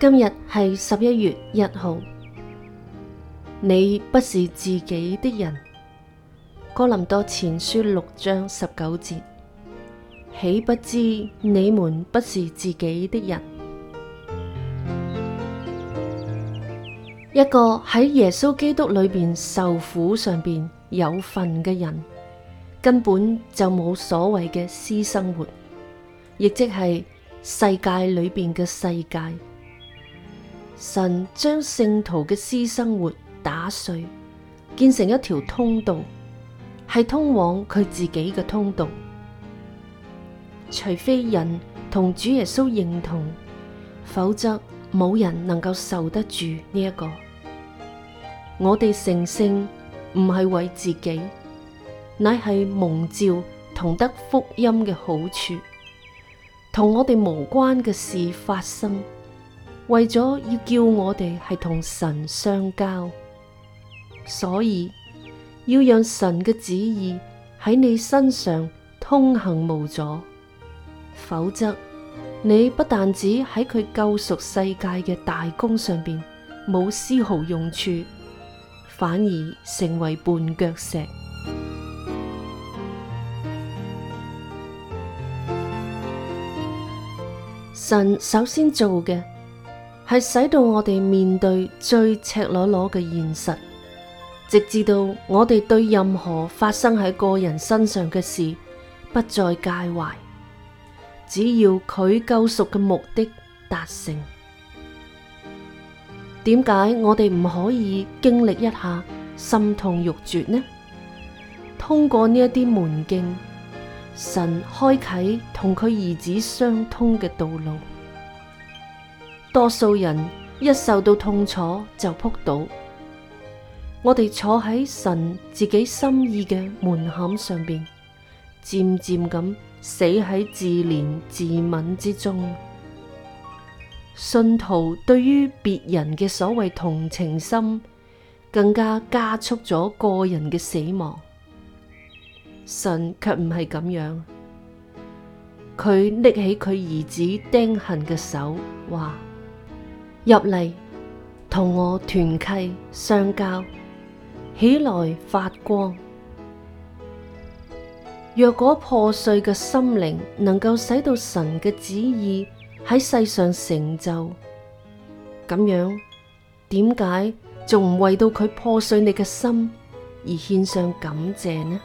今日係十一月一號。你不是自己的人，《哥林多前書》六章十九節，豈不知你們不是自己的人？ 一個喺耶穌基督裏邊受苦上邊有份嘅人，根本就冇所謂嘅私生活，亦即係世界裏邊嘅世界。神將聖徒嘅私生活打碎，建成一條通道，係通往佢自己嘅通道。除非人同主耶穌認同，否則冇人能夠受得住呢一個。我哋成聖唔係為自己，乃係蒙召同得福音嘅好處，同我哋無關嘅事發生。為咗要叫我哋係同神相交，所以要讓神嘅旨意喺你身上通行無阻。否則，你不但止喺佢救贖世界嘅大功上邊冇絲毫用處，反而成為絆腳石。神首先做嘅。係使到我哋面對最赤裸裸嘅現實，直至到我哋對任何發生喺個人身上嘅事不再介懷，只要佢救贖嘅目的達成。點解我哋唔可以經歷一下心痛欲絕呢？通過呢一啲門徑，神開啟同佢兒子相通嘅道路。多數人一受到痛楚就撲倒。我哋坐喺神自己心意嘅門檻上邊，漸漸咁死喺自憐自憫之中。信徒對於別人嘅所謂同情心，更加加速咗個人嘅死亡。神卻唔係咁樣，佢拎起佢兒子釘痕嘅手，話。入嚟同我團契相交，起來發光。若果破碎嘅心靈能夠使到神嘅旨意喺世上成就，咁樣點解仲唔為到佢破碎你嘅心而獻上感謝呢？